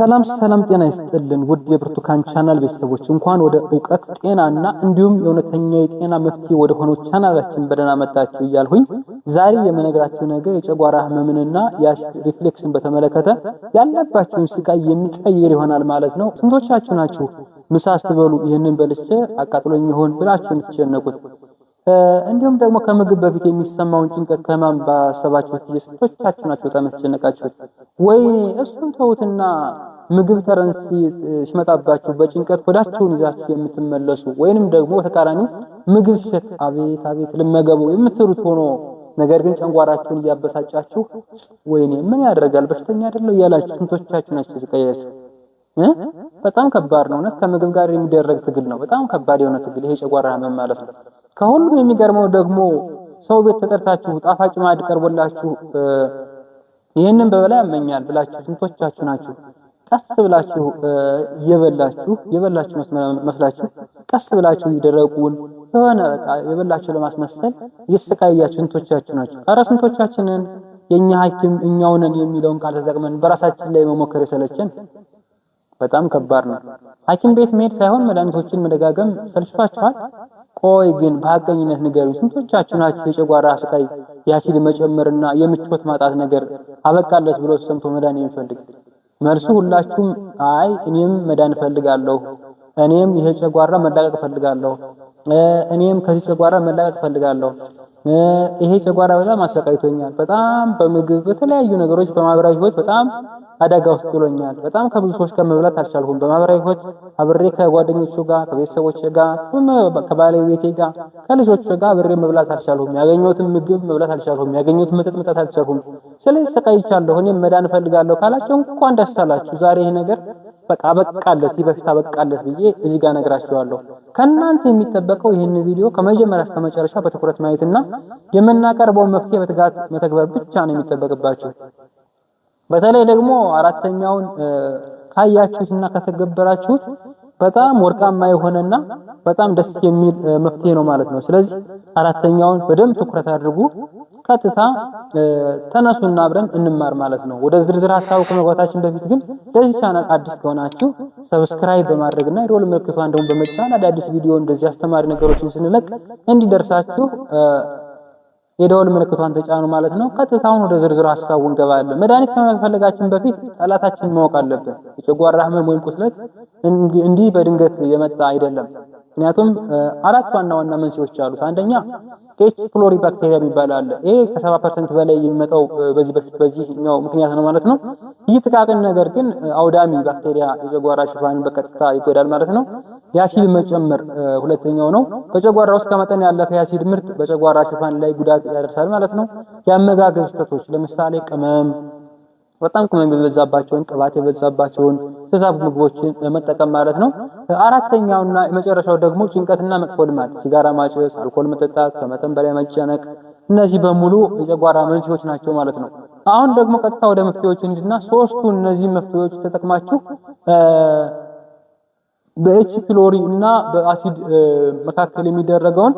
ሰላም ሰላም፣ ጤና ይስጥልን ውድ የብርቱካን ቻናል ቤተሰቦች እንኳን ወደ እውቀት ጤናና እንዲሁም የእውነተኛ የጤና መፍትሄ ወደ ሆነው ቻናላችን በደህና መጣችሁ እያልሁኝ ዛሬ የመነግራችሁ ነገር የጨጓራ ህመምንና የአሲድ ሪፍሌክስን በተመለከተ ያለባችሁን ስቃይ የሚቀይር ይሆናል ማለት ነው። ስንቶቻችሁ ናችሁ ምሳ ስትበሉ ይህንን በልቼ አቃጥሎኝ ይሆን ብላችሁ የምትጨነቁት? እንዲሁም ደግሞ ከምግብ በፊት የሚሰማውን ጭንቀት ከማን ባሰባችሁት ጊዜ ስንቶቻችሁ ናቸው በጣም የተጨነቃችሁት? ወይኔ እሱን ተውትና ምግብ ተረን ሲመጣባችሁ በጭንቀት ሆዳችሁን ይዛችሁ የምትመለሱ ወይንም ደግሞ በተቃራኒው ምግብ ሲሸት አቤት አቤት ልመገቡ የምትሉት ሆኖ ነገር ግን ጨንጓራችሁን እያበሳጫችሁ ወይኔ ምን ያደርጋል በሽተኛ አይደለው እያላችሁ ስንቶቻችሁ ናችሁ ተሰቃያችሁ? በጣም ከባድ ነው። እውነት ከምግብ ጋር የሚደረግ ትግል ነው። በጣም ከባድ የሆነ ትግል ይሄ ጨጓራ ህመም ማለት ነው። ከሁሉም የሚገርመው ደግሞ ሰው ቤት ተጠርታችሁ ጣፋጭ ማዕድ ቀርቦላችሁ ይህንን በበላይ ያመኛል ብላችሁ ስንቶቻችሁ ናችሁ? ቀስ ብላችሁ እየበላችሁ የበላችሁ መስላችሁ ቀስ ብላችሁ ይደረቁን የሆነ በቃ የበላችሁ ለማስመሰል እየተሰቃያችሁ ስንቶቻችሁ ናችሁ? ኧረ ስንቶቻችንን የኛ ሐኪም እኛውንን የሚለውን ቃል ተጠቅመን በራሳችን ላይ መሞከር የሰለችን በጣም ከባድ ነው። ሐኪም ቤት መሄድ ሳይሆን መድኃኒቶችን መደጋገም ሰልችቷችኋል። ቆይ ግን በሀቀኝነት ንገሩ፣ ስንቶቻችሁ ናችሁ የጨጓራ ስቃይ የአሲድ መጨመርና የምቾት ማጣት ነገር አበቃለት ብሎ ሰምቶ መዳን የሚፈልግ? መልሱ ሁላችሁም አይ እኔም መዳን እፈልጋለሁ፣ እኔም ይሄ ጨጓራ መላቀቅ እፈልጋለሁ፣ እኔም ከዚህ ጨጓራ መላቀቅ እፈልጋለሁ፣ ይሄ ጨጓራ በጣም አሰቃይቶኛል፣ በጣም በምግብ በተለያዩ ነገሮች በማህበራዊ ህይወት በጣም አደጋ ውስጥ ጥሎኛል። በጣም ከብዙ ሰዎች ጋር መብላት አልቻልኩም። በማህበራዊ ህይወት አብሬ ከጓደኞቹ ጋር፣ ከቤተሰቦች ጋር፣ ከባለቤቴ ጋር፣ ከልጆቹ ጋር አብሬ መብላት አልቻልኩም። ያገኘሁትን ምግብ መብላት አልቻልኩም። ያገኘሁትን መጠጥ መጠጣት አልቻልኩም። ስለዚህ ተሰቃይቻለሁ። እኔም መዳን እፈልጋለሁ ካላችሁ እንኳን ደስ አላችሁ። ዛሬ ይሄ ነገር በቃ በቃለት በፊት በቃለት ብዬ እዚህ ጋር ነግራችኋለሁ። ከእናንተ የሚጠበቀው ይህን ቪዲዮ ከመጀመሪያ እስከ መጨረሻ በትኩረት ማየትና የምናቀርበውን መፍትሄ በትጋት መተግበር ብቻ ነው የሚጠበቅባችሁ። በተለይ ደግሞ አራተኛውን ካያችሁትና ከተገበራችሁት በጣም ወርቃማ የሆነና በጣም ደስ የሚል መፍትሄ ነው ማለት ነው። ስለዚህ አራተኛውን በደንብ ትኩረት አድርጉ። ቀጥታ ተነሱና አብረን እንማር ማለት ነው። ወደ ዝርዝር ሀሳቡ ከመግባታችን በፊት ግን ለዚህ ቻናል አዲስ ከሆናችሁ ሰብስክራይብ በማድረግና የደወል ምልክቷን ደግሞ በመጫን አዳዲስ ቪዲዮ እንደዚህ አስተማሪ ነገሮችን ስንለቅ እንዲደርሳችሁ የደወል ምልክቷን ተጫኑ ማለት ነው። ቀጥታውን ወደ ዝርዝር ሀሳቡ እንገባለን። መድኃኒት ከመፈለጋችን በፊት ጠላታችንን ማወቅ አለብን። የጨጓራ ህመም ወይም ቁስለት እንዲህ በድንገት የመጣ አይደለም። ምክንያቱም አራት ዋና ዋና መንስኤዎች አሉት። አንደኛ ኤች ፕሎሪ ባክቴሪያ የሚባል አለ። ይሄ ከ70% በላይ የሚመጣው በዚህ በፊት በዚህኛው ምክንያት ነው ማለት ነው። ይህ ጥቃቅን ነገር ግን አውዳሚ ባክቴሪያ የጨጓራ ሽፋን በቀጥታ ይጎዳል ማለት ነው። የአሲድ መጨመር ሁለተኛው ነው። በጨጓራ ውስጥ ከመጠን ያለፈ የአሲድ ምርት በጨጓራ ሽፋን ላይ ጉዳት ያደርሳል ማለት ነው። የአመጋገብ ስህተቶች ለምሳሌ ቅመም በጣም ቅመም የበዛባቸውን ቅባት የበዛባቸውን ተዛብ ምግቦችን መጠቀም ማለት ነው። አራተኛውና የመጨረሻው ደግሞ ጭንቀትና መጥፎ ልማድ፣ ሲጋራ ማጨስ፣ አልኮል መጠጣት፣ ከመጠን በላይ መጨነቅ፣ እነዚህ በሙሉ የጨጓራ መንስኤዎች ናቸው ማለት ነው። አሁን ደግሞ ቀጥታ ወደ መፍትሄዎች ሶስቱ እነዚህ መፍትሄዎች ተጠቅማችሁ በኤች ፒሎሪ እና በአሲድ መካከል የሚደረገውን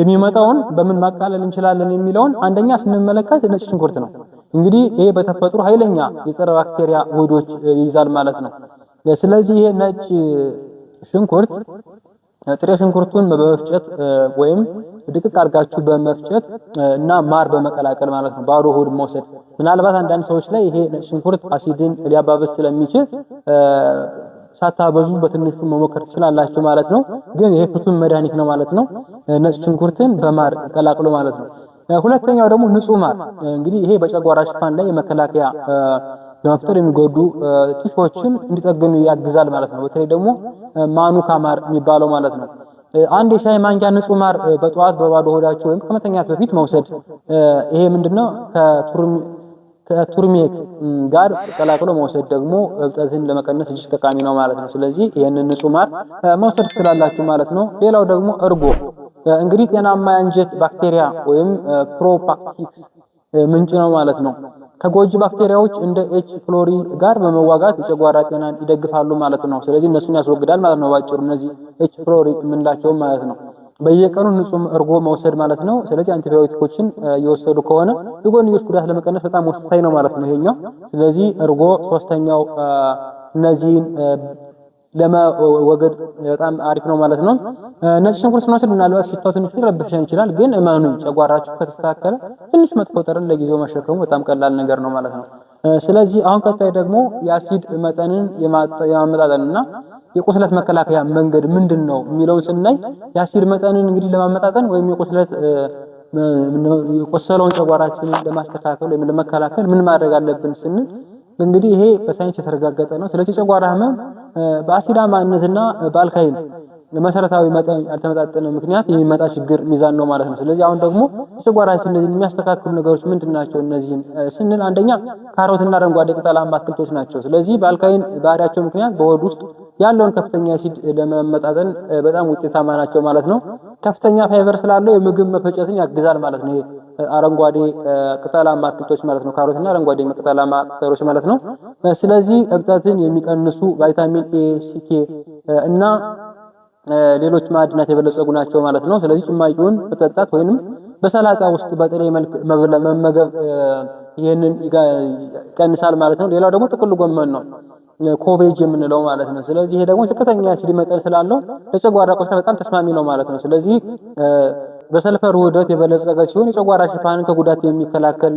የሚመጣውን በምን ማቃለል እንችላለን የሚለውን አንደኛ ስንመለከት ነጭ ሽንኩርት ነው። እንግዲህ ይሄ በተፈጥሮ ኃይለኛ የጸረ ባክቴሪያ ውህዶች ይይዛል ማለት ነው። ስለዚህ ይሄ ነጭ ሽንኩርት ጥሬ ሽንኩርቱን በመፍጨት ወይም ድቅቅ አድርጋችሁ በመፍጨት እና ማር በመቀላቀል ማለት ነው፣ ባዶ ሆድ መውሰድ። ምናልባት አንዳንድ ሰዎች ላይ ይሄ ነጭ ሽንኩርት አሲድን ሊያባብስ ስለሚችል ሳታበዙ በትንሹ መሞከር ትችላላችሁ ማለት ነው። ግን ይሄ ፍቱን መድኃኒት ነው ማለት ነው። ነጭ ሽንኩርትን በማር ቀላቅሎ ማለት ነው። ሁለተኛው ደግሞ ንጹህ ማር እንግዲህ ይሄ በጨጓራ ሽፋን ላይ የመከላከያ ለመፍጠር የሚጎዱ ጢሶችን እንዲጠገኑ ያግዛል ማለት ነው። በተለይ ደግሞ ማኑካ ማር የሚባለው ማለት ነው። አንድ የሻይ ማንኪያ ንጹህ ማር በጠዋት በባዶ ሆዳችሁ ወይም ከመተኛት በፊት መውሰድ ይሄ ምንድነው ከቱርሜት ጋር ቀላቅሎ መውሰድ ደግሞ እብጠትን ለመቀነስ እጅግ ጠቃሚ ነው ማለት ነው። ስለዚህ ይህንን ንጹህ ማር መውሰድ ትችላላችሁ ማለት ነው። ሌላው ደግሞ እርጎ እንግዲህ ጤናማ የአንጀት ባክቴሪያ ወይም ፕሮፓክቲክስ ምንጭ ነው ማለት ነው። ከጎጂ ባክቴሪያዎች እንደ ኤች ፍሎሪ ጋር በመዋጋት የጨጓራ ጤናን ይደግፋሉ ማለት ነው። ስለዚህ እነሱን ያስወግዳል ማለት ነው። ባጭሩ እነዚህ ኤች ፍሎሪ የምንላቸውም ማለት ነው። በየቀኑ ንጹህ እርጎ መውሰድ ማለት ነው። ስለዚህ አንቲባዮቲኮችን እየወሰዱ ከሆነ የጎንዮሽ ጉዳት ለመቀነስ በጣም ወሳኝ ነው ማለት ነው ይሄኛው። ስለዚህ እርጎ ሶስተኛው እነዚህን ለመወገድ በጣም አሪፍ ነው ማለት ነው። ነጭ ሽንኩርት ስንወስድ ምናልባት ሽታው ትንሽ ሊረብሸን ይችላል፣ ግን እመኑ ጨጓራችሁ ከተስተካከለ ትንሽ መጥፎ ጠረን ለጊዜው መሸከሙ በጣም ቀላል ነገር ነው ማለት ነው። ስለዚህ አሁን ቀጣይ ደግሞ የአሲድ መጠንን የማመጣጠንና የቁስለት መከላከያ መንገድ ምንድን ነው የሚለውን ስናይ የአሲድ መጠንን እንግዲህ ለማመጣጠን ወይም የቁስለት የቆሰለውን ጨጓራችንን ለማስተካከል ወይም ለመከላከል ምን ማድረግ አለብን ስንል እንግዲህ ይሄ በሳይንስ የተረጋገጠ ነው። ስለዚህ ጨጓራ ህመም በአሲዳማነትና በአልካይን መሰረታዊ መጠን ያልተመጣጠነ ምክንያት የሚመጣ ችግር ሚዛን ነው ማለት ነው። ስለዚህ አሁን ደግሞ ጨጓራችን እነዚህን የሚያስተካክሉ ነገሮች ምንድን ናቸው? እነዚህን ስንል አንደኛ ካሮትና አረንጓዴ ቅጠላማ አትክልቶች ናቸው። ስለዚህ በአልካይን ባህሪያቸው ምክንያት በሆድ ውስጥ ያለውን ከፍተኛ አሲድ ለመመጣጠን በጣም ውጤታማ ናቸው ማለት ነው። ከፍተኛ ፋይበር ስላለው የምግብ መፈጨትን ያግዛል ማለት ነው። አረንጓዴ ቅጠላማ አትክልቶች ማለት ነው። ካሮትና አረንጓዴ ቅጠላማ ቅጠሎች ማለት ነው። ስለዚህ እብጠትን የሚቀንሱ ቫይታሚን ኤ፣ ኬ እና ሌሎች ማዕድናት የበለጸጉ ናቸው ማለት ነው። ስለዚህ ጭማቂውን በጠጣት ወይንም በሰላጣ ውስጥ በጥሬ መልክ መመገብ ይህንን ይቀንሳል ማለት ነው። ሌላው ደግሞ ጥቅል ጎመን ነው። ኮቬጅ የምንለው ማለት ነው። ስለዚህ ይሄ ደግሞ ዝቅተኛ የአሲድ መጠን ስላለው ለጨጓራ ቆሻሻ በጣም ተስማሚ ነው ማለት ነው። ስለዚህ በሰልፈር ውህደት የበለጸገ ሲሆን የጨጓራ ሽፋንን ከጉዳት የሚከላከል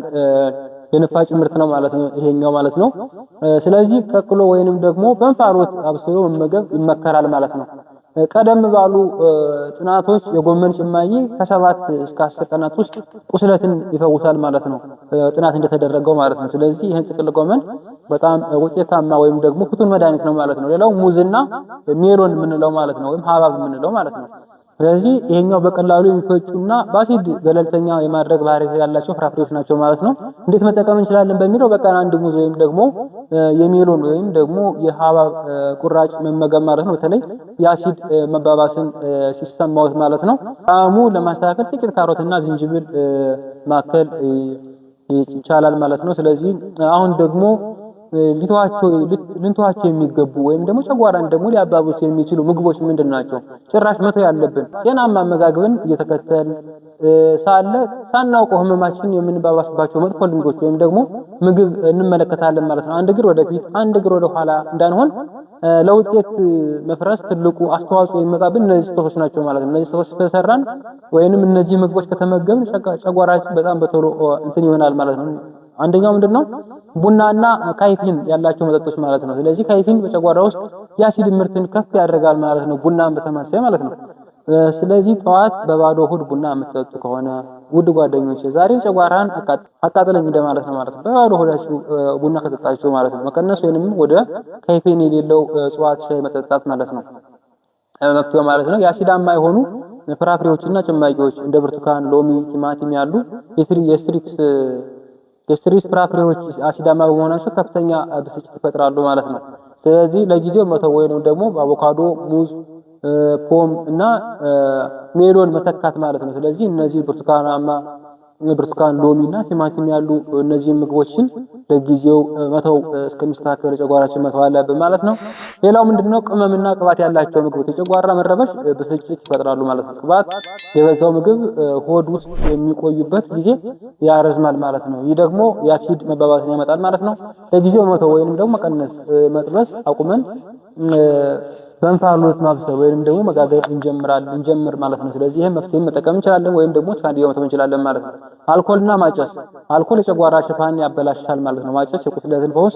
የንፋጭ ምርት ነው ማለት ነው ይሄኛው ማለት ነው። ስለዚህ ቀቅሎ ወይንም ደግሞ በእንፋሎት አብስሎ መመገብ ይመከራል ማለት ነው። ቀደም ባሉ ጥናቶች የጎመን ጭማቂ ከሰባት እስከ አስር ቀናት ውስጥ ቁስለትን ይፈውሳል ማለት ነው፣ ጥናት እንደተደረገው ማለት ነው። ስለዚህ ይህን ጥቅል ጎመን በጣም ውጤታማ ወይም ደግሞ ፍቱን መድኃኒት ነው ማለት ነው። ሌላው ሙዝና ሜሎን የምንለው ማለት ነው፣ ወይም ሀባብ የምንለው ማለት ነው። ስለዚህ ይሄኛው በቀላሉ የሚፈጩና በአሲድ ገለልተኛ የማድረግ ባህሪ ያላቸው ፍራፍሬዎች ናቸው ማለት ነው። እንዴት መጠቀም እንችላለን በሚለው በቀን አንድ ሙዝ ወይም ደግሞ የሜሎን ወይም ደግሞ የሀባብ ቁራጭ መመገብ ማለት ነው። በተለይ የአሲድ መባባስን ሲሰማዎት ማለት ነው። ጣዕሙ ለማስተካከል ጥቂት ካሮትና ዝንጅብል ማከል ይቻላል ማለት ነው። ስለዚህ አሁን ደግሞ ልንተዋቸው የሚገቡ ወይም ደግሞ ጨጓራን ደግሞ ሊያባብሱ የሚችሉ ምግቦች ምንድን ናቸው? ጭራሽ መተው ያለብን ጤናማ አመጋግብን እየተከተል ሳለ ሳናውቀው ህመማችን የምንባባስባቸው መጥፎ ልምዶች ወይም ደግሞ ምግብ እንመለከታለን ማለት ነው። አንድ እግር ወደፊት፣ አንድ እግር ወደ ኋላ እንዳንሆን ለውጤት መፍረስ ትልቁ አስተዋጽኦ የሚመጣብን እነዚህ ስህተቶች ናቸው ማለት ነው። እነዚህ ስህተቶች ተሰራን ወይንም እነዚህ ምግቦች ከተመገብን ጨጓራችን በጣም በቶሎ እንትን ይሆናል ማለት ነው። አንደኛው ምንድን ነው? ቡናና ካይፊን ያላቸው መጠጦች ማለት ነው። ስለዚህ ካይፊን በጨጓራ ውስጥ የአሲድ ምርትን ከፍ ያደርጋል ማለት ነው፣ ቡናን በተመሳሳይ ማለት ነው። ስለዚህ ጠዋት በባዶ ሆድ ቡና የምትጠጡ ከሆነ ውድ ጓደኞች፣ ዛሬ ጨጓራን አቃጥለኝ እንደማለት ነው ማለት ነው። በባዶ ሆዳችሁ ቡና ከጠጣችሁ ማለት ነው መቀነስ ወይንም ወደ ካይፊን የሌለው እጽዋት ሻይ መጠጣት ማለት ነው መፍትሄው ማለት ነው። የአሲዳማ የሆኑ ፍራፍሬዎችና ጭማቂዎች እንደ ብርቱካን፣ ሎሚ፣ ቲማቲም ያሉ የስትሪክስ የስትሪስ ፍራፍሬዎች አሲዳማ በመሆናቸው ከፍተኛ ብስጭት ይፈጥራሉ ማለት ነው። ስለዚህ ለጊዜው መተው ወይንም ደግሞ አቮካዶ ሙዝ፣ ፖም እና ሜሎን መተካት ማለት ነው። ስለዚህ እነዚህ ብርቱካናማ ብርቱካን፣ ሎሚ እና ቲማቲም ያሉ እነዚህ ምግቦችን ለጊዜው መተው እስከሚስተካከል ጨጓራችን መተው አለብን ማለት ነው። ሌላው ምንድነው? ቅመምና ቅባት ያላቸው ምግቦች የጨጓራ መረበሽ ብስጭት ይፈጥራሉ ማለት ነው። ቅባት የበዛው ምግብ ሆድ ውስጥ የሚቆዩበት ጊዜ ያረዝማል ማለት ነው። ይህ ደግሞ የአሲድ መባባትን ያመጣል ማለት ነው። ለጊዜው መተው ወይንም ደግሞ መቀነስ መጥበስ አቁመን በእንፋሎት ማብሰል ወይም ደግሞ መጋገር እንጀምራለን እንጀምር ማለት ነው። ስለዚህ ይሄን መፍትሄ መጠቀም እንችላለን ወይም ደግሞ ስካንዲያ መተው እንችላለን ማለት ነው። አልኮልና ማጨስ፣ አልኮል የጨጓራ ሽፋን ያበላሻል ማለት ነው። ማጨስ የቁስለትን ፈውስ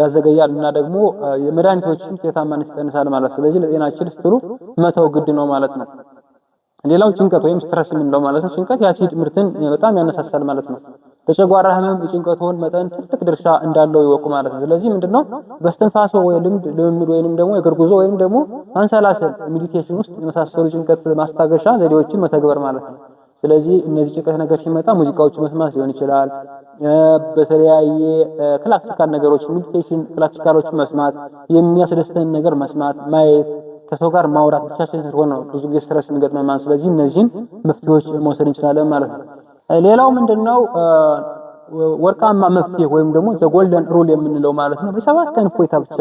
ያዘገያል እና ደግሞ የመድኃኒቶችን ውጤታማነት ይቀንሳል ማለት ስለዚህ ለጤናችን ስትሉ መተው ግድ ነው ማለት ነው። ሌላው ጭንቀት ወይም ስትረስ የምንለው ማለት ነው። ጭንቀት የአሲድ ምርትን በጣም ያነሳሳል ማለት ነው። ለጨጓራ ህመም ሆን መጠን ትልቅ ድርሻ እንዳለው ይወቁ ማለት ነው። ስለዚህ ምንድነው በስትንፋሶ ወይ ልምድ ልምምድ ወይንም ደግሞ የእግር ጉዞ ወይንም ደግሞ ማንሰላሰል ሜዲቴሽን ውስጥ የመሳሰሉ ጭንቀት ማስታገሻ ዘዴዎችን መተግበር ማለት ነው። ስለዚህ እነዚህ ጭንቀት ነገር ሲመጣ ሙዚቃዎች መስማት ሊሆን ይችላል። በተለያየ ክላሲካል ነገሮች ሜዲቴሽን ክላሲካሎች መስማት፣ የሚያስደስተን ነገር መስማት፣ ማየት ከሰው ጋር ማውራት ብቻችን ስለሆነ ብዙ ጊዜ ስትረስ የሚገጥመን ማለት ስለዚህ እነዚህን መፍትሄዎች መውሰድ እንችላለን ማለት ነው። ሌላው ምንድነው ወርቃማ መፍትሄ ወይም ደግሞ ጎልደን ሩል የምንለው ማለት ነው። በሰባት ቀን እፎይታ ብቻ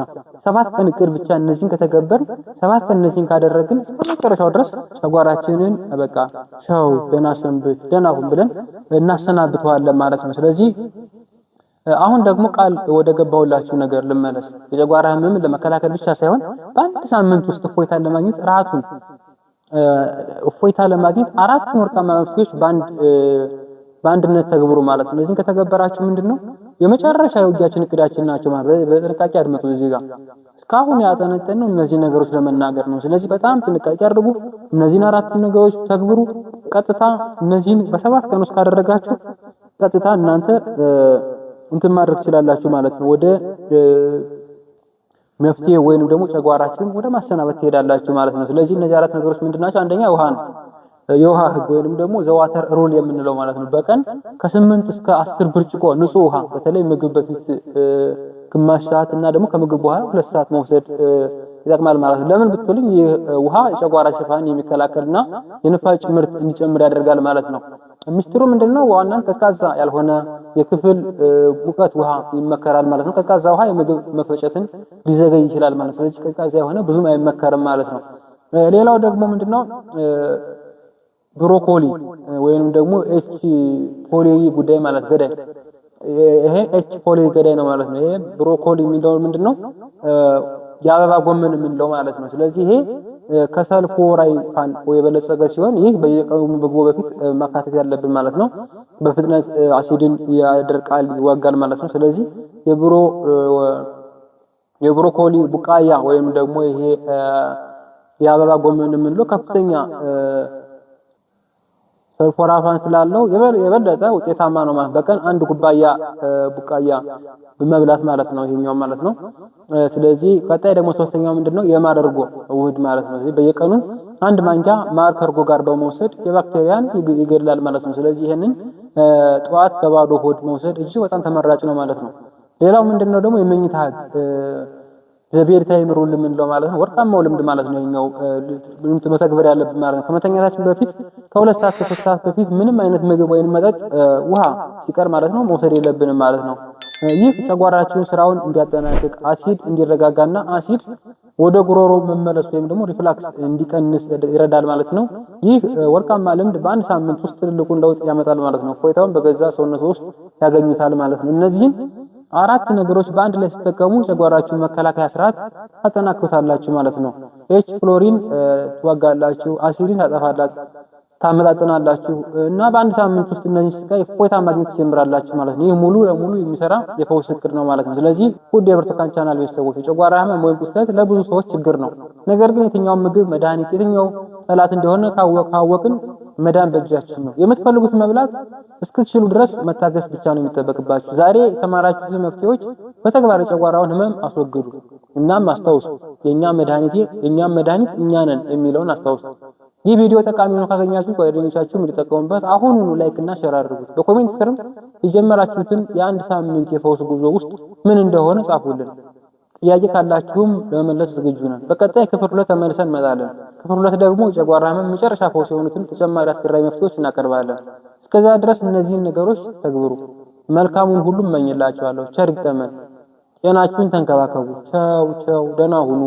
ሰባት ቀን እቅድ ብቻ እነዚህን ከተገበር ሰባት ቀን እነዚህን ካደረግን እስከመጨረሻው ድረስ ጨጓራችንን በቃ ሻው ደህና ሰንብት ደህና ሁን ብለን እናሰናብተዋለን ማለት ነው። ስለዚህ አሁን ደግሞ ቃል ወደ ገባሁላችሁ ነገር ልመለስ። የጨጓራ ህመምን ለመከላከል ብቻ ሳይሆን በአንድ ሳምንት ውስጥ እፎይታን ለማግኘት ራቱን እፎይታ ለማግኘት አራቱን ወርቃማ መፍትሄዎች በአንድነት ተግብሩ ማለት ነው። እዚህን ከተገበራችሁ ምንድነው የመጨረሻ የውጊያችን እቅዳችን ናቸው ማለት በጥንቃቄ አድመጡ። እዚህ ጋር እስካሁን ያጠነጠነው እነዚህ ነገሮች ለመናገር ነው። ስለዚህ በጣም ጥንቃቄ አድርጉ። እነዚህን አራት ነገሮች ተግብሩ። ቀጥታ እነዚህን በሰባት ቀን ውስጥ ካደረጋችሁ ቀጥታ እናንተ እንትን ማድረግ ትችላላችሁ ማለት ነው ወደ መፍትሄ ወይንም ደግሞ ጨጓራችሁን ወደ ማሰናበት ትሄዳላችሁ ማለት ነው። ስለዚህ እነዚህ አራት ነገሮች ምንድናቸው? አንደኛ ውሃ ነው። የውሃ ህግ ወይንም ደግሞ ዘዋተር ሩል የምንለው ማለት ነው። በቀን ከስምንት እስከ አስር ብርጭቆ ንጹህ ውሃ በተለይ ምግብ በፊት ግማሽ ሰዓት እና ደግሞ ከምግብ በኋላ ሁለት ሰዓት መውሰድ ይጠቅማል ማለት ነው። ለምን ብትሉኝ ይህ ውሃ የጨጓራ ሽፋን የሚከላከልና የንፋጭ ምርት እንዲጨምር ያደርጋል ማለት ነው። ሚስጥሩ ምንድነው? ዋናን ቀዝቃዛ ያልሆነ የክፍል ሙቀት ውሃ ይመከራል ማለት ነው። ቀዝቃዛ ውሃ የምግብ መፈጨትን ሊዘገይ ይችላል ማለት ነው። ስለዚህ ቀዝቃዛ የሆነ ብዙም አይመከርም ማለት ነው። ሌላው ደግሞ ምንድነው? ብሮኮሊ ወይንም ደግሞ ኤች ፖሊ ጉዳይ ማለት ገዳይ ይሄ ኤች ፖሊ ገዳይ ነው ማለት ነው። ይሄ ብሮኮሊ የሚለው ምንድነው? የአበባ ጎመን የምንለው ማለት ነው። ስለዚህ ይሄ ፋን የበለጸገ ሲሆን ይህ በየቀኑ ምግቦ በፊት መካተት ያለብን ማለት ነው። በፍጥነት አሲድን ያደርቃል፣ ይዋጋል ማለት ነው። ስለዚህ የብሮ የብሮኮሊ ቡቃያ ወይም ደግሞ ይሄ የአበባ ጎመን የምንለው ከፍተኛ ሰልፎራፋን ስላለው የበለጠ ውጤታማ ነው ማለት በቀን አንድ ኩባያ ቡቃያ መብላት ማለት ነው፣ ይሄኛው ማለት ነው። ስለዚህ ቀጣይ ደግሞ ሶስተኛው ምንድነው የማር እርጎ ውህድ ማለት ነው። በየቀኑ አንድ ማንኪያ ማር ከእርጎ ጋር በመውሰድ የባክቴሪያን ይገድላል ማለት ነው። ስለዚህ ይሄንን ጠዋት በባዶ ሆድ መውሰድ እጅግ በጣም ተመራጭ ነው ማለት ነው። ሌላው ምንድነው ደግሞ የመኝታ ቤሪታ ይምሩል የምንለው ማለት ነው። ወርቃማው ልምድ ማለት ነው። እኛው መተግበር ያለብን ማለት ነው። ከመተኛታችን በፊት ከሁለት ሰዓት ከሶስት ሰዓት በፊት ምንም አይነት ምግብ ወይም መጠጥ፣ ውሃ ሲቀር ማለት ነው መውሰድ የለብንም ማለት ነው። ይህ ጨጓራችን ስራውን እንዲያጠናቅቅ አሲድ እንዲረጋጋና አሲድ ወደ ጉሮሮ መመለስ ወይም ደግሞ ሪፍላክስ እንዲቀንስ ይረዳል ማለት ነው። ይህ ወርቃማ ልምድ በአንድ ሳምንት ውስጥ ትልቁን ለውጥ ያመጣል ማለት ነው። ቆይታውን በገዛ ሰውነት ውስጥ ያገኙታል ማለት ነው። እነዚህም አራቱ ነገሮች በአንድ ላይ ስትጠቀሙ ጨጓራችሁን መከላከያ ስርዓት ታጠናክሩታላችሁ ማለት ነው። ኤች ፍሎሪን ትዋጋላችሁ፣ አሲድን ታጠፋላችሁ፣ ታመጣጥናላችሁ እና በአንድ ሳምንት ውስጥ እነዚህ ስቃይ እፎይታ ማግኘት ትጀምራላችሁ ማለት ነው። ይህ ሙሉ ለሙሉ የሚሰራ የፈውስ እቅድ ነው ማለት ነው። ስለዚህ ውድ የብርቱካን ቻናል ቤተሰቦች የጨጓራ ህመም ወይም ቁስለት ለብዙ ሰዎች ችግር ነው። ነገር ግን የትኛውን ምግብ መድኃኒት፣ የትኛው ጠላት እንደሆነ ካወቅን መዳን በእጃችን ነው። የምትፈልጉት መብላት እስክትችሉ ድረስ መታገስ ብቻ ነው የሚጠበቅባችሁ። ዛሬ የተማራችሁት መፍትሄዎች በተግባር የጨጓራውን ህመም አስወግዱ። እናም አስታውሱ የኛ መድኃኒት የኛም መድኃኒት እኛ ነን የሚለውን አስታውሱ። ይህ ቪዲዮ ጠቃሚ ሆኖ ካገኛችሁ ጓደኞቻችሁ እንዲጠቀሙበት አሁኑኑ ላይክ እና ሼር አድርጉት። በኮሜንት ስርም የጀመራችሁትን የአንድ ሳምንት የፈውስ ጉዞ ውስጥ ምን እንደሆነ ጻፉልን። ጥያቄ ካላችሁም ለመመለስ ዝግጁ ነን። በቀጣይ ክፍል ሁለት ተመልሰን እንመጣለን። ክፍል ሁለት ደግሞ የጨጓራ ህመም መጨረሻ ፈውስ የሆኑትን ተጨማሪ አስገራሚ መፍትሄዎች እናቀርባለን። እስከዛ ድረስ እነዚህን ነገሮች ተግብሩ። መልካሙን ሁሉ እመኝላችኋለሁ። ቸር ይግጠመን። ጤናችሁን ተንከባከቡ። ቸው ቸው ደህና ሁኑ።